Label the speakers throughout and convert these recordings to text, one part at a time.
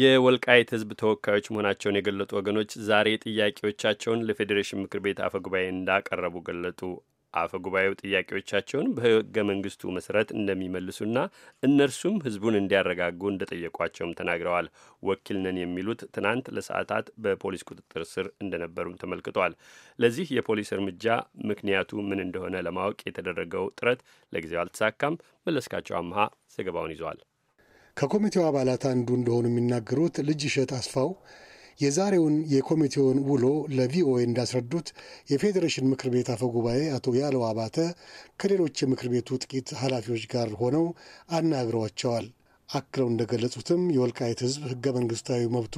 Speaker 1: የወልቃይት ህዝብ ተወካዮች መሆናቸውን የገለጡ ወገኖች ዛሬ ጥያቄዎቻቸውን ለፌዴሬሽን ምክር ቤት አፈ ጉባኤ እንዳቀረቡ ገለጡ። አፈ ጉባኤው ጥያቄዎቻቸውን በህገ መንግስቱ መሰረት እንደሚመልሱና እነርሱም ህዝቡን እንዲያረጋጉ እንደጠየቋቸውም ተናግረዋል። ወኪልነን የሚሉት ትናንት ለሰዓታት በፖሊስ ቁጥጥር ስር እንደነበሩም ተመልክቷል። ለዚህ የፖሊስ እርምጃ ምክንያቱ ምን እንደሆነ ለማወቅ የተደረገው ጥረት ለጊዜው አልተሳካም። መለስካቸው አምሃ ዘገባውን ይዟል።
Speaker 2: ከኮሚቴው አባላት አንዱ እንደሆኑ የሚናገሩት ልጅ እሸት አስፋው የዛሬውን የኮሚቴውን ውሎ ለቪኦኤ እንዳስረዱት የፌዴሬሽን ምክር ቤት አፈ ጉባኤ አቶ ያለው አባተ ከሌሎች የምክር ቤቱ ጥቂት ኃላፊዎች ጋር ሆነው አናግረዋቸዋል። አክለው እንደገለጹትም የወልቃይት ሕዝብ ህገ መንግስታዊ መብቱ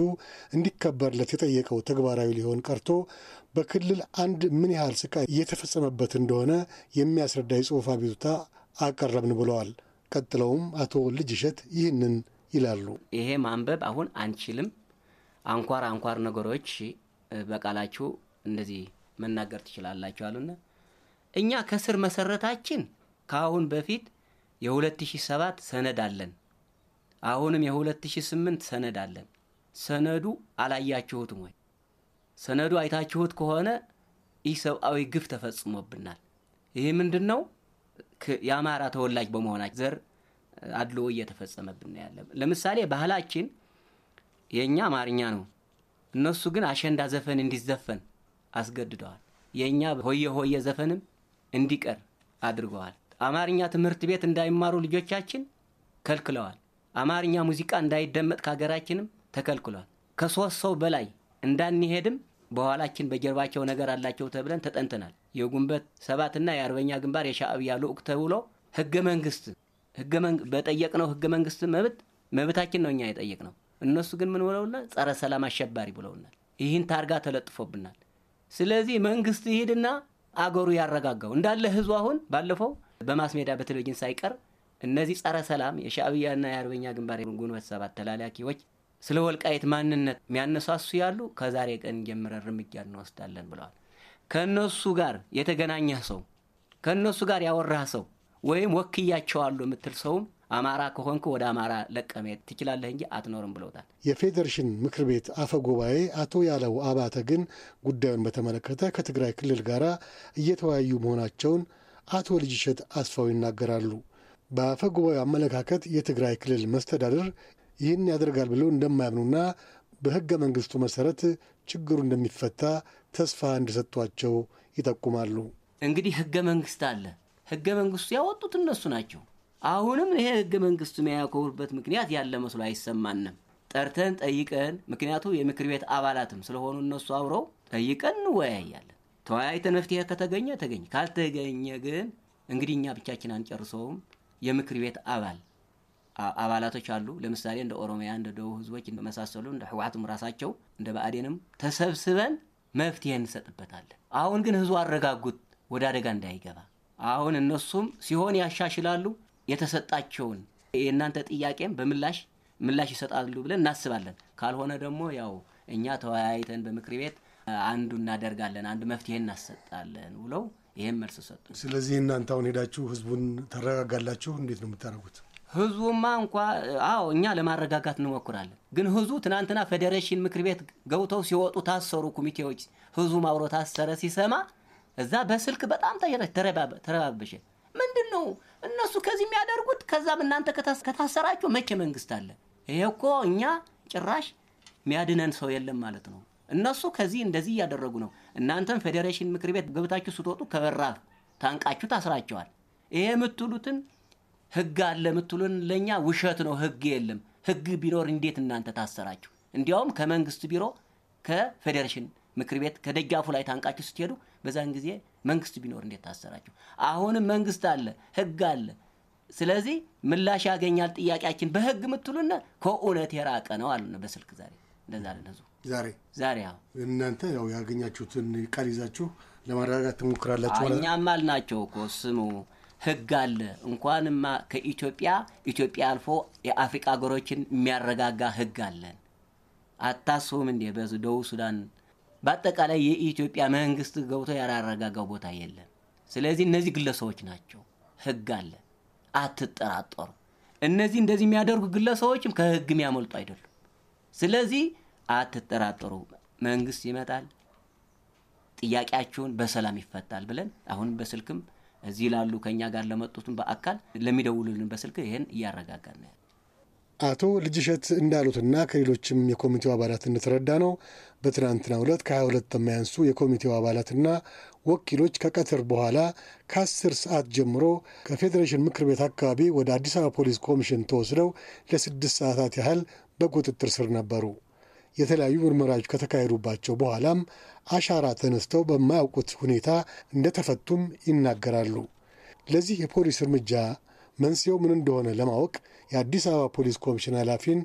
Speaker 2: እንዲከበርለት የጠየቀው ተግባራዊ ሊሆን ቀርቶ በክልል አንድ ምን ያህል ስቃይ እየተፈጸመበት እንደሆነ የሚያስረዳ የጽሑፍ አቤቱታ አቀረብን ብለዋል። ቀጥለውም አቶ ልጅሸት ይህንን ይላሉ።
Speaker 1: ይሄ ማንበብ አሁን አንችልም። አንኳር አንኳር ነገሮች በቃላችሁ እንደዚህ መናገር ትችላላችሁ አሉና እኛ ከስር መሰረታችን ከአሁን በፊት የ2007 ሰነድ አለን። አሁንም የ2008 ሰነድ አለን። ሰነዱ አላያችሁትም ወይ? ሰነዱ አይታችሁት ከሆነ ይህ ሰብአዊ ግፍ ተፈጽሞብናል። ይህ ምንድን ነው? የአማራ ተወላጅ በመሆናችን ዘር አድሎ እየተፈጸመብን ያለ። ለምሳሌ ባህላችን የእኛ አማርኛ ነው። እነሱ ግን አሸንዳ ዘፈን እንዲዘፈን አስገድደዋል። የእኛ ሆየ ሆየ ዘፈንም እንዲቀር አድርገዋል። አማርኛ ትምህርት ቤት እንዳይማሩ ልጆቻችን ከልክለዋል። አማርኛ ሙዚቃ እንዳይደመጥ ከሀገራችንም ተከልክሏል። ከሶስት ሰው በላይ እንዳንሄድም በኋላችን በጀርባቸው ነገር አላቸው ተብለን ተጠንተናል። የጉንበት ሰባትና የአርበኛ ግንባር የሻዕቢያ ልዑክ ተብሎ ህገ መንግስት ህገ በጠየቅነው ህገ መንግስት መብት መብታችን ነው እኛ የጠየቅነው። እነሱ ግን ምን ብለውናል? ጸረ ሰላም አሸባሪ ብለውናል። ይህን ታርጋ ተለጥፎብናል። ስለዚህ መንግስት ይሄድና አገሩ ያረጋጋው እንዳለ ህዝቡ አሁን ባለፈው በማስ ሜዳ በቴሌቪዥን ሳይቀር እነዚህ ጸረ ሰላም የሻዕቢያና የአርበኛ ግንባር ጉንበት ሰባት ተላላኪዎች ስለ ወልቃይት ማንነት የሚያነሳሱ ያሉ ከዛሬ ቀን ጀምረ እርምጃ እንወስዳለን ብለዋል። ከእነሱ ጋር የተገናኘህ ሰው ከእነሱ ጋር ያወራህ ሰው ወይም ወክያቸዋሉ የምትል ሰውም አማራ ከሆንክ ወደ አማራ ለቀመሄድ ትችላለህ እንጂ አትኖርም ብለውታል።
Speaker 2: የፌዴሬሽን ምክር ቤት አፈ ጉባኤ አቶ ያለው አባተ ግን ጉዳዩን በተመለከተ ከትግራይ ክልል ጋር እየተወያዩ መሆናቸውን አቶ ልጅሸት አስፋው ይናገራሉ። በአፈ ጉባኤው አመለካከት የትግራይ ክልል መስተዳድር ይህን ያደርጋል ብለው እንደማያምኑና በህገ መንግስቱ መሰረት ችግሩ እንደሚፈታ ተስፋ እንደሰጥቷቸው ይጠቁማሉ።
Speaker 1: እንግዲህ ህገ መንግስት አለ። ህገ መንግስቱ ያወጡት እነሱ ናቸው። አሁንም ይሄ ህገ መንግስቱ የሚያኮሩበት ምክንያት ያለ መስሎ አይሰማንም። ጠርተን ጠይቀን፣ ምክንያቱ የምክር ቤት አባላትም ስለሆኑ እነሱ አብረው ጠይቀን እንወያያለን። ተወያይተን መፍትሄ ከተገኘ ተገኘ፣ ካልተገኘ ግን እንግዲህ እኛ ብቻችን አንጨርሰውም። የምክር ቤት አባል አባላቶች አሉ። ለምሳሌ እንደ ኦሮሚያ፣ እንደ ደቡብ ህዝቦች መሳሰሉ እንደ ህወሀትም ራሳቸው እንደ ብአዴንም ተሰብስበን መፍትሄ እንሰጥበታለን። አሁን ግን ህዝቡ አረጋጉት፣ ወደ አደጋ እንዳይገባ። አሁን እነሱም ሲሆን ያሻሽላሉ። የተሰጣቸውን የእናንተ ጥያቄም በምላሽ ምላሽ ይሰጣሉ ብለን እናስባለን። ካልሆነ ደግሞ ያው እኛ ተወያይተን በምክር ቤት አንዱ እናደርጋለን፣ አንዱ መፍትሄ እናሰጣለን ብለው ይህም መልስ ሰጡ።
Speaker 2: ስለዚህ እናንተ አሁን ሄዳችሁ ህዝቡን ተረጋጋላችሁ? እንዴት ነው የምታደርጉት?
Speaker 1: ህዝቡማ እንኳ አዎ እኛ ለማረጋጋት እንሞክራለን። ግን ህዝቡ ትናንትና ፌዴሬሽን ምክር ቤት ገብተው ሲወጡ ታሰሩ ኮሚቴዎች፣ ህዝቡ ማውሮ ታሰረ ሲሰማ እዛ በስልክ በጣም ተረባበሸ። ምንድን ነው እነሱ ከዚህ የሚያደርጉት? ከዛም እናንተ ከታሰራችሁ መቼ መንግስት አለ? ይሄ እኮ እኛ ጭራሽ የሚያድነን ሰው የለም ማለት ነው። እነሱ ከዚህ እንደዚህ እያደረጉ ነው። እናንተም ፌዴሬሽን ምክር ቤት ገብታችሁ ስትወጡ ከበራፍ ታንቃችሁ ታስራቸዋል። ይሄ የምትሉትን ህግ አለ የምትሉን ለእኛ ውሸት ነው። ህግ የለም። ህግ ቢኖር እንዴት እናንተ ታሰራችሁ? እንዲያውም ከመንግስት ቢሮ ከፌዴሬሽን ምክር ቤት ከደጃፉ ላይ ታንቃችሁ ስትሄዱ በዛን ጊዜ መንግስት ቢኖር እንዴት ታሰራችሁ? አሁንም መንግስት አለ፣ ህግ አለ። ስለዚህ ምላሽ ያገኛል ጥያቄያችን በህግ የምትሉና ከእውነት የራቀ ነው አሉ በስልክ ዛሬ። እንደዛ
Speaker 2: አለ ዛሬ ዛሬ። አዎ እናንተ ያው ያገኛችሁትን ቃል ይዛችሁ ለማረጋጋት ትሞክራላችሁ እኛም
Speaker 1: አልናቸው እኮ ስሙ ህግ አለ። እንኳንማ ከኢትዮጵያ ኢትዮጵያ አልፎ የአፍሪቃ ሀገሮችን የሚያረጋጋ ህግ አለን። አታስቡም እንዴ? በደቡብ ሱዳን በአጠቃላይ የኢትዮጵያ መንግስት ገብቶ ያላረጋጋው ቦታ የለም። ስለዚህ እነዚህ ግለሰቦች ናቸው። ህግ አለ፣ አትጠራጠሩ። እነዚህ እንደዚህ የሚያደርጉ ግለሰቦችም ከህግ የሚያመልጡ አይደሉም። ስለዚህ አትጠራጠሩ። መንግስት ይመጣል፣ ጥያቄያችሁን በሰላም ይፈታል ብለን አሁንም በስልክም እዚህ ላሉ ከኛ ጋር ለመጡትን በአካል ለሚደውሉልን በስልክ ይህን እያረጋጋን ነው።
Speaker 2: አቶ ልጅሸት እንዳሉትና ከሌሎችም የኮሚቴው አባላት እንደተረዳ ነው በትናንትና ሁለት ከሀያ ሁለት የማያንሱ የኮሚቴው አባላትና ወኪሎች ከቀትር በኋላ ከ10 ሰዓት ጀምሮ ከፌዴሬሽን ምክር ቤት አካባቢ ወደ አዲስ አበባ ፖሊስ ኮሚሽን ተወስደው ለስድስት ሰዓታት ያህል በቁጥጥር ስር ነበሩ። የተለያዩ ምርመራዎች ከተካሄዱባቸው በኋላም አሻራ ተነስተው በማያውቁት ሁኔታ እንደተፈቱም ይናገራሉ። ለዚህ የፖሊስ እርምጃ መንስኤው ምን እንደሆነ ለማወቅ የአዲስ አበባ ፖሊስ ኮሚሽን ኃላፊን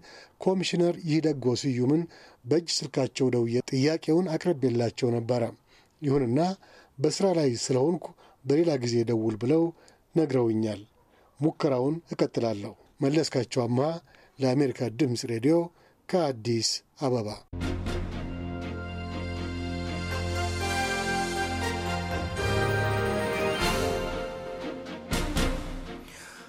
Speaker 2: ኮሚሽነር ይህደጎ ስዩምን በእጅ ስልካቸው ደውዬ ጥያቄውን አቅርቤላቸው ነበረ። ይሁንና በስራ ላይ ስለሆንኩ በሌላ ጊዜ ደውል ብለው ነግረውኛል። ሙከራውን እቀጥላለሁ። መለስካቸው አምሃ ለአሜሪካ ድምፅ ሬዲዮ ከአዲስ አበባ